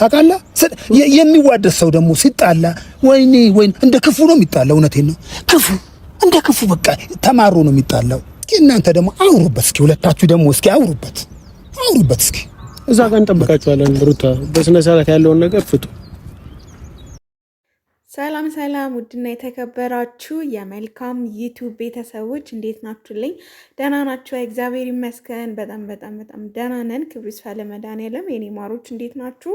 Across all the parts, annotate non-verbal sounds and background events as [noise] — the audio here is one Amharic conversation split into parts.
ታውቃለህ የሚዋደድ ሰው ደግሞ ሲጣላ ወይኔ ወይ እንደ ክፉ ነው የሚጣለው። እውነቴን ነው ክፉ እንደ ክፉ በቃ ተማሮ ነው የሚጣለው። እናንተ ደግሞ አውሩበት እስኪ ሁለታችሁ ደግሞ እስኪ አውሩበት አውሩበት እስኪ እዛ ጋር እንጠብቃችኋለን። ሩታ በስነ ስርዓት ያለውን ነገር ፍቱ። ሰላም ሰላም፣ ውድና የተከበራችሁ የመልካም ዩቱብ ቤተሰቦች እንዴት ናችሁልኝ? ደህና ናችሁ? እግዚአብሔር ይመስገን በጣም በጣም በጣም ደህና ነን። ክብሩ ይስፋ ለመድኃኒዓለም። የኔ ማሮች እንዴት ናችሁ?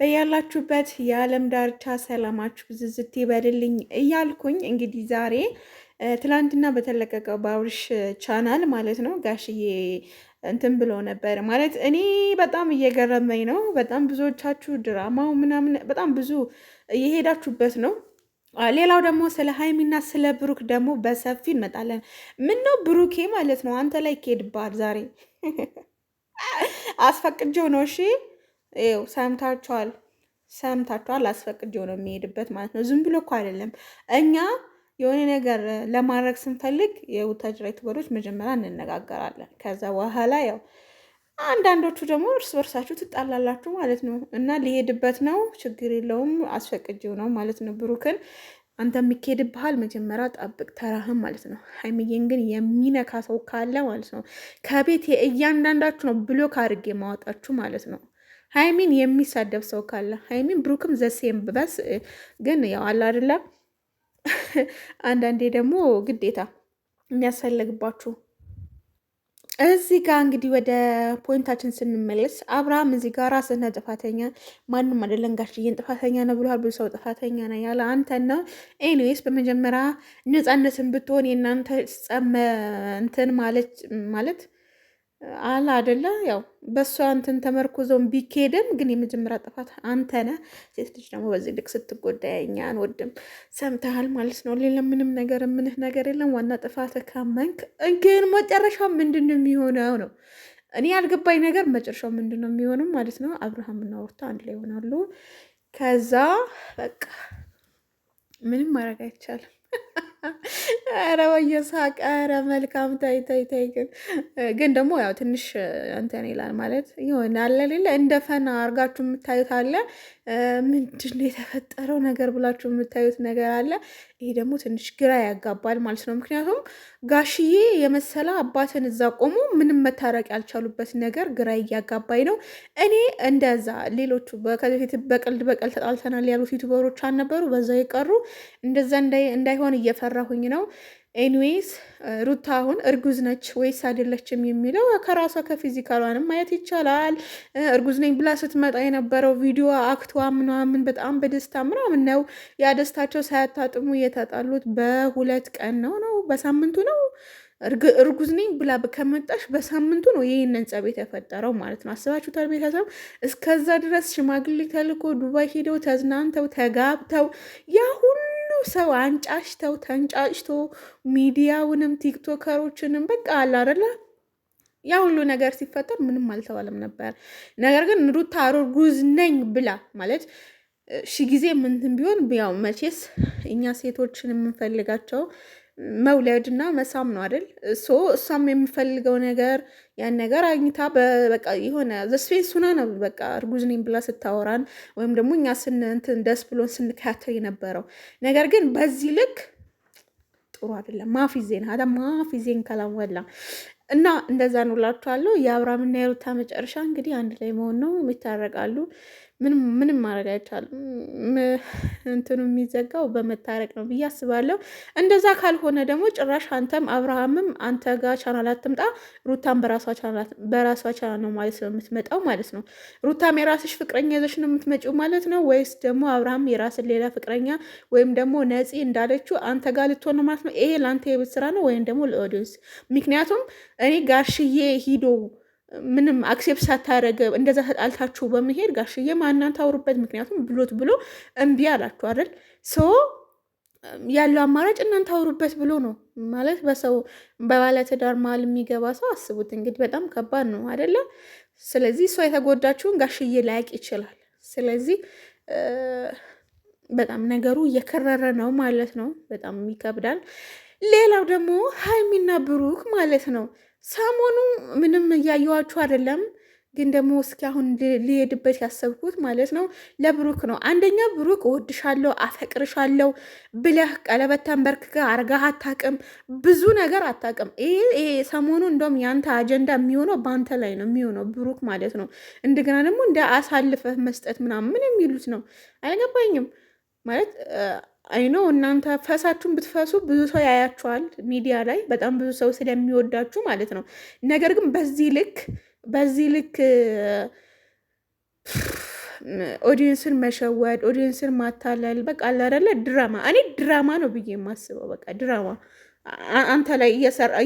በያላችሁበት የዓለም ዳርቻ ሰላማችሁ ብዝዝት ይበልልኝ እያልኩኝ እንግዲህ ዛሬ ትላንትና በተለቀቀው በአብርሽ ቻናል ማለት ነው ጋሽዬ እንትን ብሎ ነበር ማለት እኔ በጣም እየገረመኝ ነው። በጣም ብዙዎቻችሁ ድራማው ምናምን በጣም ብዙ እየሄዳችሁበት ነው። ሌላው ደግሞ ስለ ሀይሚና ስለ ብሩክ ደግሞ በሰፊ እንመጣለን። ምን ነው ብሩኬ ማለት ነው አንተ ላይ ኬድባል ዛሬ [laughs] አስፈቅጀው ነው። እሺ ይኸው ሰምታችኋል፣ ሰምታችኋል። አስፈቅጀው ነው የሚሄድበት ማለት ነው። ዝም ብሎ እኮ አይደለም እኛ የሆነ ነገር ለማድረግ ስንፈልግ የወታደራዊ ትግበሮች መጀመሪያ እንነጋገራለን። ከዛ በኋላ ያው አንዳንዶቹ ደግሞ እርስ በርሳችሁ ትጣላላችሁ ማለት ነው። እና ሊሄድበት ነው ችግር የለውም አስፈቅጂው ነው ማለት ነው። ብሩክን አንተ የሚካሄድ ባህል መጀመሪያ ጠብቅ ተራህም ማለት ነው። ሀይሚዬን ግን የሚነካ ሰው ካለ ማለት ነው ከቤት እያንዳንዳችሁ ነው ብሎክ አድርጌ ማወጣችሁ ማለት ነው። ሀይሚን የሚሳደብ ሰው ካለ ሀይሚን ብሩክም ዘሴም በስ ግን ያው አላ አይደለም አንዳንዴ ደግሞ ግዴታ የሚያስፈልግባችሁ እዚህ ጋር እንግዲህ ወደ ፖይንታችን ስንመለስ አብርሃም እዚህ ጋር ራስህን ጥፋተኛ ማንም አይደለም ጋሽዬን ጥፋተኛ ነው ብሏል። ብዙ ሰው ጥፋተኛ ነው ያለ አንተ ነው። ኤኒዌይስ በመጀመሪያ ነፃነትን ብትሆን የእናንተ ጸመ እንትን ማለት ማለት አለ አደለ ያው በሱ አንተን ተመርኮዘውን ቢኬድም ግን የመጀመሪያ ጥፋት አንተነ። ሴት ልጅ ደግሞ በዚህ ልክ ስትጎዳ እኛ አንወድም። ሰምተሃል ማለት ነው። ሌላ ምንም ነገር ምንህ ነገር የለም። ዋና ጥፋት ካመንክ ግን መጨረሻው ምንድን ነው የሚሆነው ነው። እኔ ያልገባኝ ነገር መጨረሻው ምንድን ነው የሚሆነው ማለት ነው። አብርሃም እና ሩታ አንድ ላይ ይሆናሉ። ከዛ በቃ ምንም ማድረግ አይቻልም። ኧረ ወየ ሳቅ መልካም ታይ ታይ ታይ። ግን ግን ደግሞ ያው ትንሽ እንትን ይላል ማለት ይሆን አለ ሌለ እንደ ፈና አርጋችሁ የምታዩት አለ። ምንድን ነው የተፈጠረው ነገር ብላችሁ የምታዩት ነገር አለ። ይሄ ደግሞ ትንሽ ግራ ያጋባል ማለት ነው ምክንያቱም ጋሽዬ የመሰለ አባትን እዛ ቆሞ ምንም መታረቅ ያልቻሉበት ነገር ግራ እያጋባኝ ነው። እኔ እንደዛ ሌሎቹ ከዚህ በፊት በቀልድ በቀል ተጣልተናል ያሉት ዩቱበሮች አልነበሩ? በዛ የቀሩ እንደዛ እንዳይሆን እየፈራሁኝ ነው። ኤኒዌይስ ሩታ አሁን እርጉዝ ነች ወይስ አይደለችም የሚለው ከራሷ ከፊዚካሏንም ማየት ይቻላል። እርጉዝ ነኝ ብላ ስትመጣ የነበረው ቪዲዮ አክቷ ምናምን በጣም በደስታ ምናምን ነው። ያ ደስታቸው ሳያታጥሙ የተጣሉት በሁለት ቀን ነው ነው በሳምንቱ ነው እርጉዝ ነኝ ብላ ከመጣሽ በሳምንቱ ነው ይህንን ጸብ የተፈጠረው ማለት ነው። አስባችሁታል ቤተሰብ? እስከዛ ድረስ ሽማግሌ ተልኮ ዱባይ ሄደው ተዝናንተው ተጋብተው ያ ሁሉ ሰው አንጫሽተው ተንጫጭቶ ሚዲያውንም ቲክቶከሮችንም በቃ አለ አይደለ ያ ሁሉ ነገር ሲፈጠር ምንም አልተባለም ነበር። ነገር ግን ሩታ እርጉዝ ነኝ ብላ ማለት ሺ ጊዜ ምንትን ቢሆን ያው መቼስ እኛ ሴቶችን የምንፈልጋቸው መውለድ እና መሳም ነው አይደል? ሶ እሷም የምፈልገው ነገር ያን ነገር አግኝታ በቃ የሆነ ዘስፌስ ሱና ነው በቃ እርጉዝ ነኝ ብላ ስታወራን ወይም ደግሞ እኛ ስንንትን ደስ ብሎን ስንከታተል የነበረው ነገር ግን በዚህ ልክ ጥሩ አይደለም። ማፊ ዜን ሀዳ ማፊ ዜን ከላም ወላ እና እንደዛ ነው እላችኋለሁ። የአብርሃምና የሩታ መጨረሻ እንግዲህ አንድ ላይ መሆን ነው። ይታረቃሉ። ምንም ምንም ማድረግ አይቻልም። እንትኑ የሚዘጋው በመታረቅ ነው ብዬ አስባለሁ። እንደዛ ካልሆነ ደግሞ ጭራሽ አንተም አብርሃምም አንተ ጋር ቻናል አትምጣ፣ ሩታም በራሷ ቻናል ነው ማለት ነው የምትመጣው ማለት ነው። ሩታም የራስሽ ፍቅረኛ ይዘሽ ነው የምትመጪው ማለት ነው ወይስ ደግሞ አብርሃም የራስን ሌላ ፍቅረኛ ወይም ደግሞ ነፂ እንዳለችው አንተ ጋር ልትሆን ማለት ነው? ይሄ ለአንተ የቤት ስራ ነው ወይም ደግሞ ለኦዲንስ? ምክንያቱም እኔ ጋሽዬ ሂዶ ምንም አክሴፕት ሳታረገ እንደዛ ተጣልታችሁ በመሄድ ጋሽዬ ማናንተ አውሩበት። ምክንያቱም ብሎት ብሎ እምቢ አላችሁ አይደል? ሶ ያለው አማራጭ እናንተ አውሩበት ብሎ ነው ማለት። በሰው በባለትዳር መሀል የሚገባ ሰው አስቡት እንግዲህ በጣም ከባድ ነው አይደለ? ስለዚህ እሷ የተጎዳችውን ጋሽዬ ላያቅ ይችላል። ስለዚህ በጣም ነገሩ እየከረረ ነው ማለት ነው። በጣም ይከብዳል። ሌላው ደግሞ ሀይሚና ብሩክ ማለት ነው ሰሞኑ ምንም እያየዋችሁ አይደለም፣ ግን ደግሞ እስኪ አሁን ሊሄድበት ያሰብኩት ማለት ነው ለብሩክ ነው። አንደኛ ብሩክ እወድሻለሁ፣ አፈቅርሻለሁ ብለህ ቀለበት ተንበርክከህ አርጋህ አታቅም ብዙ ነገር አታቅም ይሄ ሰሞኑ እንደውም ያንተ አጀንዳ የሚሆነው በአንተ ላይ ነው የሚሆነው ብሩክ ማለት ነው። እንደገና ደግሞ እንደ አሳልፈህ መስጠት ምናምን የሚሉት ነው? አይገባኝም ማለት አይኖ እናንተ ፈሳችሁን ብትፈሱ ብዙ ሰው ያያችኋል ሚዲያ ላይ በጣም ብዙ ሰው ስለሚወዳችሁ ማለት ነው። ነገር ግን በዚህ ልክ በዚህ ልክ ኦዲየንስን መሸወድ፣ ኦዲየንስን ማታለል በቃ አላደለ ድራማ። እኔ ድራማ ነው ብዬ የማስበው በቃ ድራማ አንተ ላይ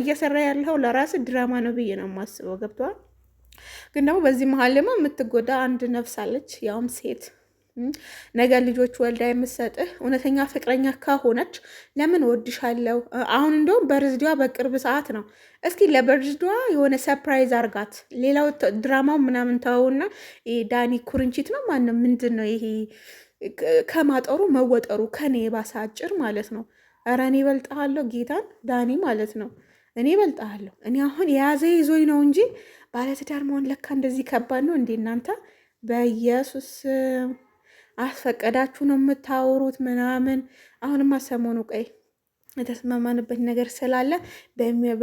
እየሰራ ያለው ለራስ ድራማ ነው ብዬ ነው የማስበው። ገብተዋል። ግን ደግሞ በዚህ መሀል ደግሞ የምትጎዳ አንድ ነፍስ አለች፣ ያውም ሴት ነገ ልጆች ወልዳ የምትሰጥህ እውነተኛ ፍቅረኛ ከሆነች ለምን ወድሻለሁ። አሁን እንደውም በርዝዲዋ በቅርብ ሰዓት ነው። እስኪ ለበርዝዲዋ የሆነ ሰፕራይዝ አርጋት። ሌላው ድራማው ምናምን ተውና ዳኒ ኩርንቺት ነው ማንም ምንድን ነው ይሄ ከማጠሩ መወጠሩ ከኔ የባሰ አጭር ማለት ነው። ኧረ እኔ እበልጥሃለሁ ጌታን ዳኒ ማለት ነው። እኔ እበልጥሃለሁ። እኔ አሁን የያዘ ይዞኝ ነው እንጂ ባለትዳር መሆን ለካ እንደዚህ ከባድ ነው እንዴ እናንተ በኢየሱስ አስፈቀዳችሁ ነው የምታወሩት ምናምን። አሁንማ ሰሞኑ ቀይ የተስማማንበት ነገር ስላለ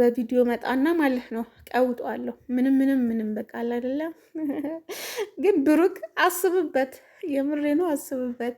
በቪዲዮ መጣና ማለት ነው ቀውጧለሁ። ምንም ምንም ምንም በቃል አይደለም። [laughs] ግን ብሩክ አስብበት፣ የምሬ ነው አስብበት።